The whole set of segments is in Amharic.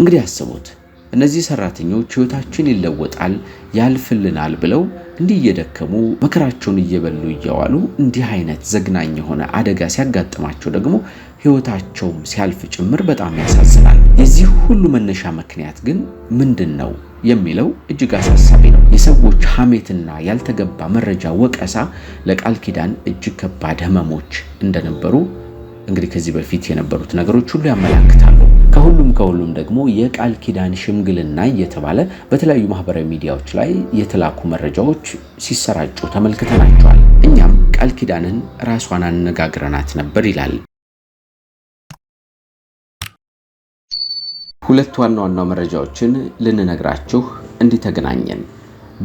እንግዲህ አስቡት እነዚህ ሰራተኞች ህይወታችን ይለወጣል ያልፍልናል ብለው እንዲህ እየደከሙ መከራቸውን እየበሉ እየዋሉ እንዲህ አይነት ዘግናኝ የሆነ አደጋ ሲያጋጥማቸው ደግሞ ህይወታቸውም ሲያልፍ ጭምር በጣም ያሳዝናል። የዚህ ሁሉ መነሻ ምክንያት ግን ምንድን ነው የሚለው እጅግ አሳሳቢ ነው። የሰዎች ሐሜትና ያልተገባ መረጃ ወቀሳ ለቃል ኪዳን እጅግ ከባድ ህመሞች እንደነበሩ እንግዲህ ከዚህ በፊት የነበሩት ነገሮች ሁሉ ያመላክታል። ከሁሉም ከሁሉም ደግሞ የቃል ኪዳን ሽምግልና እየተባለ በተለያዩ ማህበራዊ ሚዲያዎች ላይ የተላኩ መረጃዎች ሲሰራጩ ተመልክተናቸዋል። እኛም ቃል ኪዳንን ራሷን አነጋግረናት ነበር ይላል። ሁለት ዋና ዋና መረጃዎችን ልንነግራችሁ እንዲተገናኘን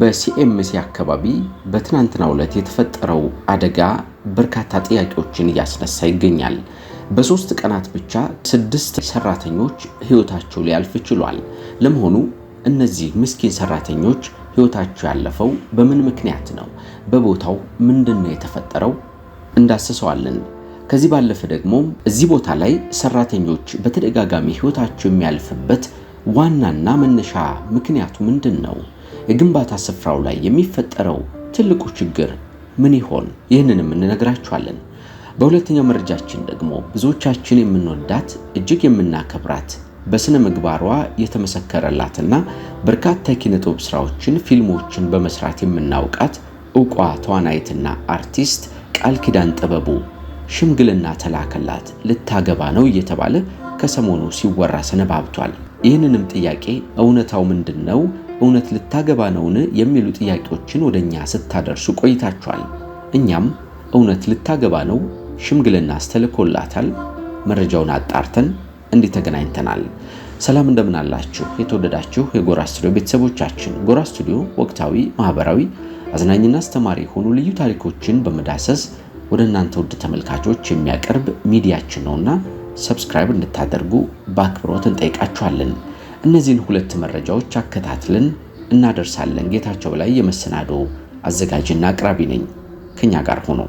በሲኤምሲ አካባቢ በትናንትናው ዕለት የተፈጠረው አደጋ በርካታ ጥያቄዎችን እያስነሳ ይገኛል። በሶስት ቀናት ብቻ ስድስት ሰራተኞች ህይወታቸው ሊያልፍ ችሏል። ለመሆኑ እነዚህ ምስኪን ሰራተኞች ህይወታቸው ያለፈው በምን ምክንያት ነው? በቦታው ምንድን ነው የተፈጠረው? እንዳስሰዋለን። ከዚህ ባለፈ ደግሞ እዚህ ቦታ ላይ ሰራተኞች በተደጋጋሚ ህይወታቸው የሚያልፍበት ዋናና መነሻ ምክንያቱ ምንድን ነው? የግንባታ ስፍራው ላይ የሚፈጠረው ትልቁ ችግር ምን ይሆን? ይህንንም እንነግራችኋለን። በሁለተኛው መረጃችን ደግሞ ብዙዎቻችን የምንወዳት እጅግ የምናከብራት በስነ ምግባሯ የተመሰከረላትና በርካታ የኪነጥበብ ስራዎችን፣ ፊልሞችን በመስራት የምናውቃት እውቋ ተዋናይትና አርቲስት ቃል ኪዳን ጥበቡ ሽምግልና ተላከላት ልታገባ ነው እየተባለ ከሰሞኑ ሲወራ ሰነባብቷል። ይህንንም ጥያቄ እውነታው ምንድን ነው? እውነት ልታገባ ነውን? የሚሉ ጥያቄዎችን ወደ እኛ ስታደርሱ ቆይታችኋል። እኛም እውነት ልታገባ ነው ሽምግልና አስተልኮላታል። መረጃውን አጣርተን እንዲህ ተገናኝተናል። ሰላም እንደምን አላችሁ? የተወደዳችሁ የጎራ ስቱዲዮ ቤተሰቦቻችን፣ ጎራ ስቱዲዮ ወቅታዊ፣ ማህበራዊ፣ አዝናኝና አስተማሪ የሆኑ ልዩ ታሪኮችን በመዳሰስ ወደ እናንተ ውድ ተመልካቾች የሚያቀርብ ሚዲያችን ነውና ሰብስክራይብ እንድታደርጉ በአክብሮት እንጠይቃችኋለን። እነዚህን ሁለት መረጃዎች አከታትለን እናደርሳለን። ጌታቸው በላይ የመሰናዶ አዘጋጅና አቅራቢ ነኝ። ከኛ ጋር ሆኖ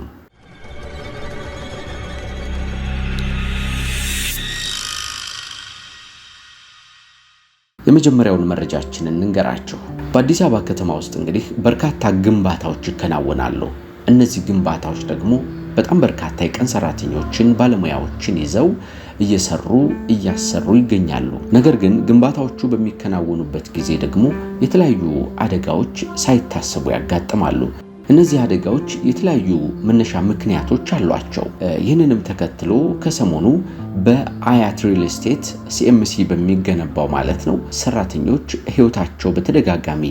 የመጀመሪያውን መረጃችንን እንንገራችሁ። በአዲስ አበባ ከተማ ውስጥ እንግዲህ በርካታ ግንባታዎች ይከናወናሉ። እነዚህ ግንባታዎች ደግሞ በጣም በርካታ የቀን ሰራተኞችን ባለሙያዎችን ይዘው እየሰሩ እያሰሩ ይገኛሉ። ነገር ግን ግንባታዎቹ በሚከናወኑበት ጊዜ ደግሞ የተለያዩ አደጋዎች ሳይታሰቡ ያጋጥማሉ። እነዚህ አደጋዎች የተለያዩ መነሻ ምክንያቶች አሏቸው። ይህንንም ተከትሎ ከሰሞኑ በአያት ሪል ስቴት ሲኤምሲ በሚገነባው ማለት ነው ሰራተኞች ህይወታቸው በተደጋጋሚ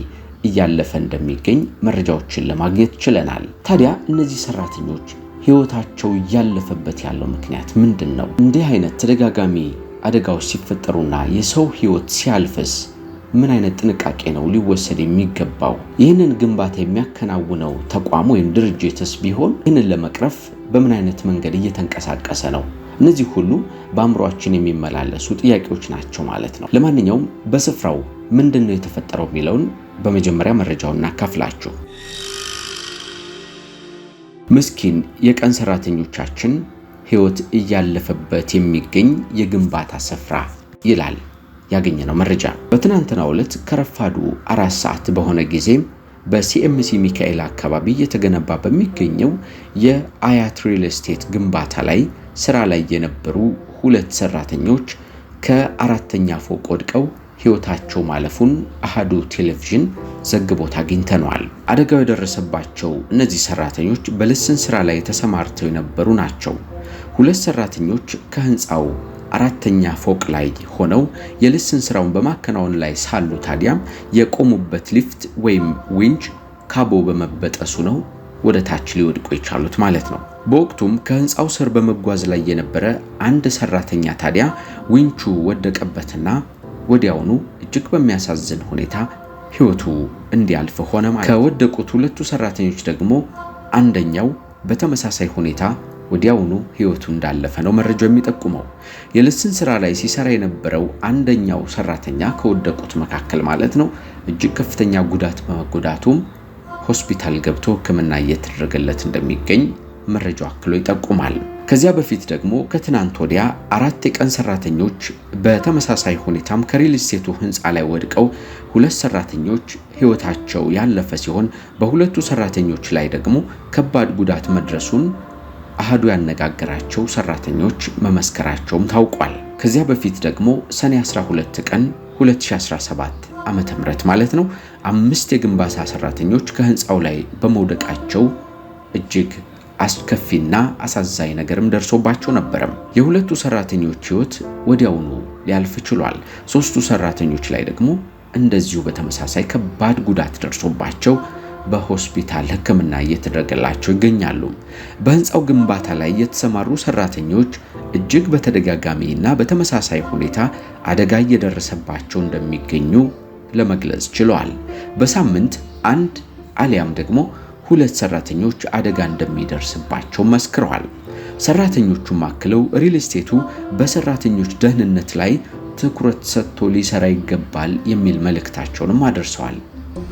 እያለፈ እንደሚገኝ መረጃዎችን ለማግኘት ችለናል። ታዲያ እነዚህ ሰራተኞች ህይወታቸው እያለፈበት ያለው ምክንያት ምንድን ነው? እንዲህ አይነት ተደጋጋሚ አደጋዎች ሲፈጠሩና የሰው ህይወት ሲያልፍስ ምን አይነት ጥንቃቄ ነው ሊወሰድ የሚገባው? ይህንን ግንባታ የሚያከናውነው ተቋም ወይም ድርጅትስ ቢሆን ይህንን ለመቅረፍ በምን አይነት መንገድ እየተንቀሳቀሰ ነው? እነዚህ ሁሉ በአእምሯችን የሚመላለሱ ጥያቄዎች ናቸው ማለት ነው። ለማንኛውም በስፍራው ምንድን ነው የተፈጠረው የሚለውን በመጀመሪያ መረጃውን እናካፍላችሁ። ምስኪን የቀን ሰራተኞቻችን ህይወት እያለፈበት የሚገኝ የግንባታ ስፍራ ይላል ያገኘነው መረጃ በትናንትናው ዕለት ከረፋዱ አራት ሰዓት በሆነ ጊዜም በሲኤምሲ ሚካኤል አካባቢ እየተገነባ በሚገኘው የአያት ሪል ስቴት ግንባታ ላይ ስራ ላይ የነበሩ ሁለት ሰራተኞች ከአራተኛ ፎቅ ወድቀው ህይወታቸው ማለፉን አሃዱ ቴሌቪዥን ዘግቦት አግኝተነዋል። አደጋው የደረሰባቸው እነዚህ ሰራተኞች በልስን ስራ ላይ ተሰማርተው የነበሩ ናቸው። ሁለት ሰራተኞች ከህንፃው አራተኛ ፎቅ ላይ ሆነው የልስን ስራውን በማከናወን ላይ ሳሉ ታዲያም የቆሙበት ሊፍት ወይም ዊንጅ ካቦ በመበጠሱ ነው ወደ ታች ሊወድቁ የቻሉት ማለት ነው። በወቅቱም ከህንፃው ስር በመጓዝ ላይ የነበረ አንድ ሰራተኛ ታዲያ ዊንቹ ወደቀበትና ወዲያውኑ እጅግ በሚያሳዝን ሁኔታ ህይወቱ እንዲያልፍ ሆነ ማለት። ከወደቁት ሁለቱ ሰራተኞች ደግሞ አንደኛው በተመሳሳይ ሁኔታ ወዲያውኑ ህይወቱ እንዳለፈ ነው መረጃው የሚጠቁመው። የልስን ስራ ላይ ሲሰራ የነበረው አንደኛው ሰራተኛ ከወደቁት መካከል ማለት ነው እጅግ ከፍተኛ ጉዳት በመጎዳቱም ሆስፒታል ገብቶ ሕክምና እየተደረገለት እንደሚገኝ መረጃው አክሎ ይጠቁማል። ከዚያ በፊት ደግሞ ከትናንት ወዲያ አራት የቀን ሰራተኞች በተመሳሳይ ሁኔታም ከሪል ስቴቱ ህንፃ ላይ ወድቀው ሁለት ሰራተኞች ህይወታቸው ያለፈ ሲሆን በሁለቱ ሰራተኞች ላይ ደግሞ ከባድ ጉዳት መድረሱን አህዱ ያነጋገራቸው ሰራተኞች መመስከራቸውም ታውቋል። ከዚያ በፊት ደግሞ ሰኔ 12 ቀን 2017 ዓመተ ምህረት ማለት ነው አምስት የግንባታ ሰራተኞች ከህንፃው ላይ በመውደቃቸው እጅግ አስከፊና አሳዛኝ ነገርም ደርሶባቸው ነበረም። የሁለቱ ሰራተኞች ህይወት ወዲያውኑ ሊያልፍ ችሏል። ሶስቱ ሰራተኞች ላይ ደግሞ እንደዚሁ በተመሳሳይ ከባድ ጉዳት ደርሶባቸው በሆስፒታል ሕክምና እየተደረገላቸው ይገኛሉ። በህንፃው ግንባታ ላይ የተሰማሩ ሰራተኞች እጅግ በተደጋጋሚና በተመሳሳይ ሁኔታ አደጋ እየደረሰባቸው እንደሚገኙ ለመግለጽ ችለዋል። በሳምንት አንድ አሊያም ደግሞ ሁለት ሰራተኞች አደጋ እንደሚደርስባቸው መስክረዋል። ሰራተኞቹም አክለው ሪል ስቴቱ በሰራተኞች ደህንነት ላይ ትኩረት ሰጥቶ ሊሰራ ይገባል የሚል መልእክታቸውንም አደርሰዋል።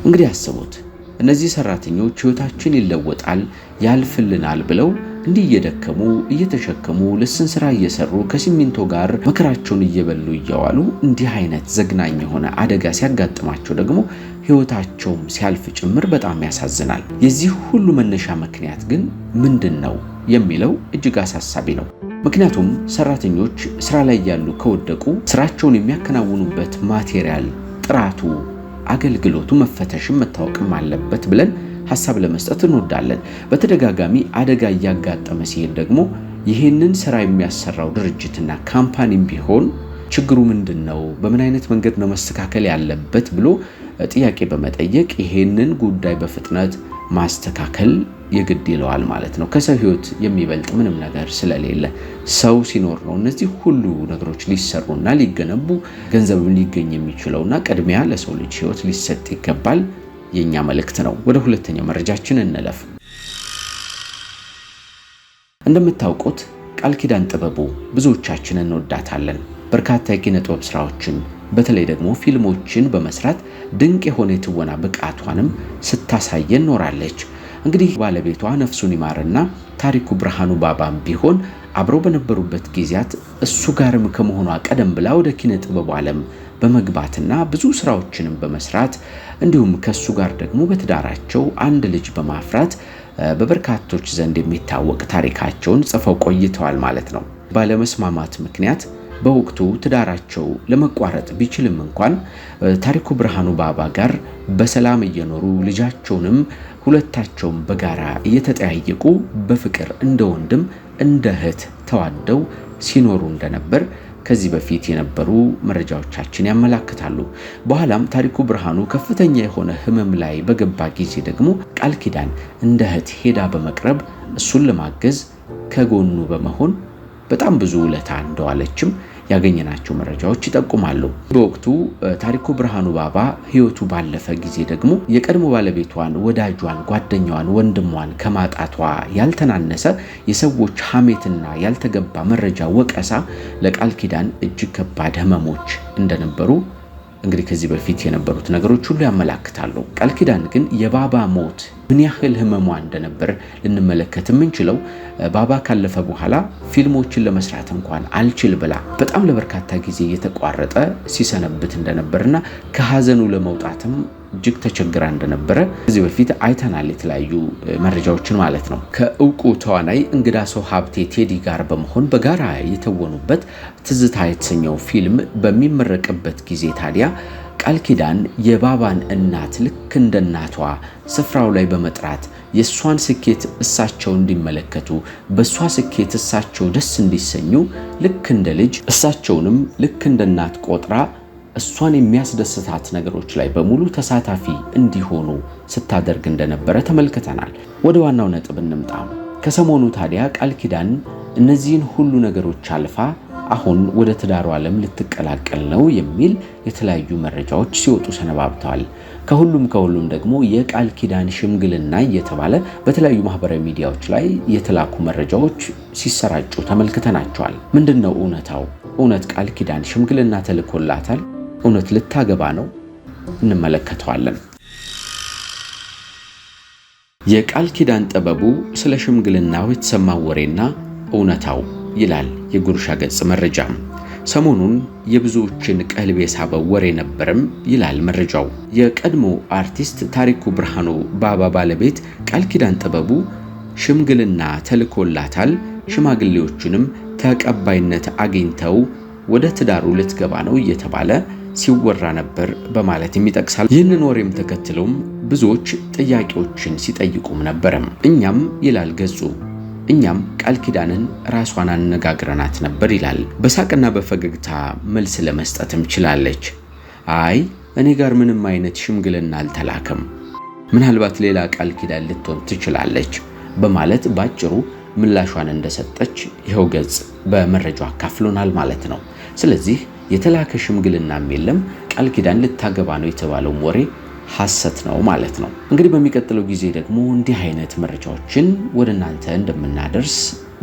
እንግዲህ አስቡት እነዚህ ሰራተኞች ህይወታችን ይለወጣል፣ ያልፍልናል ብለው እንዲህ እየደከሙ እየተሸከሙ ለስን ስራ እየሰሩ ከሲሚንቶ ጋር መከራቸውን እየበሉ እየዋሉ እንዲህ አይነት ዘግናኝ የሆነ አደጋ ሲያጋጥማቸው ደግሞ ሕይወታቸውም ሲያልፍ ጭምር በጣም ያሳዝናል። የዚህ ሁሉ መነሻ ምክንያት ግን ምንድን ነው የሚለው እጅግ አሳሳቢ ነው። ምክንያቱም ሰራተኞች ስራ ላይ ያሉ ከወደቁ ስራቸውን የሚያከናውኑበት ማቴሪያል ጥራቱ አገልግሎቱ መፈተሽም መታወቅም አለበት ብለን ሀሳብ ለመስጠት እንወዳለን። በተደጋጋሚ አደጋ እያጋጠመ ሲሄድ ደግሞ ይህንን ስራ የሚያሰራው ድርጅትና ካምፓኒም ቢሆን ችግሩ ምንድን ነው? በምን አይነት መንገድ ነው መስተካከል ያለበት ብሎ ጥያቄ በመጠየቅ ይሄንን ጉዳይ በፍጥነት ማስተካከል የግድ ይለዋል ማለት ነው። ከሰው ህይወት የሚበልጥ ምንም ነገር ስለሌለ ሰው ሲኖር ነው እነዚህ ሁሉ ነገሮች ሊሰሩና ሊገነቡ ገንዘብ ሊገኝ የሚችለውና ቅድሚያ ለሰው ልጅ ህይወት ሊሰጥ ይገባል የእኛ መልእክት ነው። ወደ ሁለተኛው መረጃችን እንለፍ። እንደምታውቁት ቃል ኪዳን ጥበቡ ብዙዎቻችን እንወዳታለን። በርካታ የኪነ ጥበብ ስራዎችን በተለይ ደግሞ ፊልሞችን በመስራት ድንቅ የሆነ የትወና ብቃቷንም ስታሳየን ኖራለች። እንግዲህ ባለቤቷ ነፍሱን ይማርና ታሪኩ ብርሃኑ ባባም ቢሆን አብረው በነበሩበት ጊዜያት እሱ ጋርም ከመሆኗ ቀደም ብላ ወደ ኪነ ጥበቡ ዓለም በመግባትና ብዙ ስራዎችንም በመስራት እንዲሁም ከሱ ጋር ደግሞ በትዳራቸው አንድ ልጅ በማፍራት በበርካቶች ዘንድ የሚታወቅ ታሪካቸውን ጽፈው ቆይተዋል ማለት ነው። ባለመስማማት ምክንያት በወቅቱ ትዳራቸው ለመቋረጥ ቢችልም እንኳን ታሪኩ ብርሃኑ ባባ ጋር በሰላም እየኖሩ ልጃቸውንም ሁለታቸውም በጋራ እየተጠያየቁ በፍቅር እንደ ወንድም እንደ እህት ተዋደው ሲኖሩ እንደነበር ከዚህ በፊት የነበሩ መረጃዎቻችን ያመላክታሉ። በኋላም ታሪኩ ብርሃኑ ከፍተኛ የሆነ ሕመም ላይ በገባ ጊዜ ደግሞ ቃል ኪዳን እንደ እህት ሄዳ በመቅረብ እሱን ለማገዝ ከጎኑ በመሆን በጣም ብዙ ውለታ እንደዋለችም ያገኘናቸው መረጃዎች ይጠቁማሉ። በወቅቱ ታሪኩ ብርሃኑ ባባ ሕይወቱ ባለፈ ጊዜ ደግሞ የቀድሞ ባለቤቷን፣ ወዳጇን፣ ጓደኛዋን፣ ወንድሟን ከማጣቷ ያልተናነሰ የሰዎች ሐሜትና ያልተገባ መረጃ ወቀሳ ለቃል ኪዳን እጅግ ከባድ ህመሞች እንደነበሩ እንግዲህ ከዚህ በፊት የነበሩት ነገሮች ሁሉ ያመላክታሉ። ቃል ኪዳን ግን የባባ ሞት ምን ያህል ህመሟ እንደነበር ልንመለከት የምንችለው ባባ ካለፈ በኋላ ፊልሞችን ለመስራት እንኳን አልችል ብላ በጣም ለበርካታ ጊዜ እየተቋረጠ ሲሰነብት እንደነበርና ከሀዘኑ ለመውጣትም እጅግ ተቸግራ እንደነበረ ከዚህ በፊት አይተናል፣ የተለያዩ መረጃዎችን ማለት ነው። ከእውቁ ተዋናይ እንግዳ ሰው ሀብቴ ቴዲ ጋር በመሆን በጋራ የተወኑበት ትዝታ የተሰኘው ፊልም በሚመረቅበት ጊዜ ታዲያ ቃል ኪዳን የባባን እናት ልክ እንደ እናቷ ስፍራው ላይ በመጥራት የእሷን ስኬት እሳቸው እንዲመለከቱ በእሷ ስኬት እሳቸው ደስ እንዲሰኙ ልክ እንደ ልጅ እሳቸውንም ልክ እንደ እናት ቆጥራ እሷን የሚያስደስታት ነገሮች ላይ በሙሉ ተሳታፊ እንዲሆኑ ስታደርግ እንደነበረ ተመልክተናል። ወደ ዋናው ነጥብ እንምጣ። ከሰሞኑ ታዲያ ቃል ኪዳን እነዚህን ሁሉ ነገሮች አልፋ አሁን ወደ ትዳሩ ዓለም ልትቀላቀል ነው የሚል የተለያዩ መረጃዎች ሲወጡ ሰነባብተዋል። ከሁሉም ከሁሉም ደግሞ የቃል ኪዳን ሽምግልና እየተባለ በተለያዩ ማህበራዊ ሚዲያዎች ላይ የተላኩ መረጃዎች ሲሰራጩ ተመልክተናቸዋል። ምንድን ነው እውነታው? እውነት ቃል ኪዳን ሽምግልና ተልኮላታል? እውነት ልታገባ ነው? እንመለከተዋለን። የቃል ኪዳን ጥበቡ ስለ ሽምግልናው የተሰማው ወሬና እውነታው ይላል የጉርሻ ገጽ መረጃ። ሰሞኑን የብዙዎችን ቀልብ የሳበ ወሬ ነበርም ይላል መረጃው። የቀድሞ አርቲስት ታሪኩ ብርሃኑ ባባ ባለቤት ቃል ኪዳን ጥበቡ ሽምግልና ተልኮላታል። ሽማግሌዎቹንም ተቀባይነት አግኝተው ወደ ትዳሩ ልትገባ ነው እየተባለ ሲወራ ነበር በማለትም ይጠቅሳል። ይህንን ወሬም ተከትሎም ብዙዎች ጥያቄዎችን ሲጠይቁም ነበረም። እኛም ይላል ገጹ እኛም ቃል ኪዳንን ራሷን አነጋግረናት ነበር ይላል። በሳቅና በፈገግታ መልስ ለመስጠትም ችላለች። አይ እኔ ጋር ምንም አይነት ሽምግልና አልተላከም፣ ምናልባት ሌላ ቃል ኪዳን ልትሆን ትችላለች በማለት ባጭሩ ምላሿን እንደሰጠች ይኸው ገጽ በመረጃው አካፍሎናል ማለት ነው። ስለዚህ የተላከ ሽምግልናም የለም ቃል ኪዳን ልታገባ ነው የተባለውም ወሬ ሐሰት ነው ማለት ነው። እንግዲህ በሚቀጥለው ጊዜ ደግሞ እንዲህ አይነት መረጃዎችን ወደ እናንተ እንደምናደርስ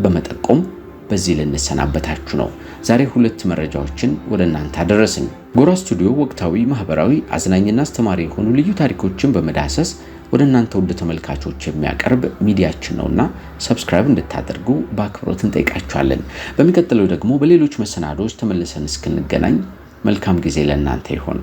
በመጠቆም በዚህ ልንሰናበታችሁ ነው። ዛሬ ሁለት መረጃዎችን ወደ እናንተ አደረስን። ጎራ ስቱዲዮ ወቅታዊ፣ ማህበራዊ፣ አዝናኝና አስተማሪ የሆኑ ልዩ ታሪኮችን በመዳሰስ ወደ እናንተ ውድ ተመልካቾች የሚያቀርብ ሚዲያችን ነውና ሰብስክራይብ እንድታደርጉ በአክብሮት እንጠይቃችኋለን። በሚቀጥለው ደግሞ በሌሎች መሰናዶዎች ተመልሰን እስክንገናኝ መልካም ጊዜ ለእናንተ ይሆን።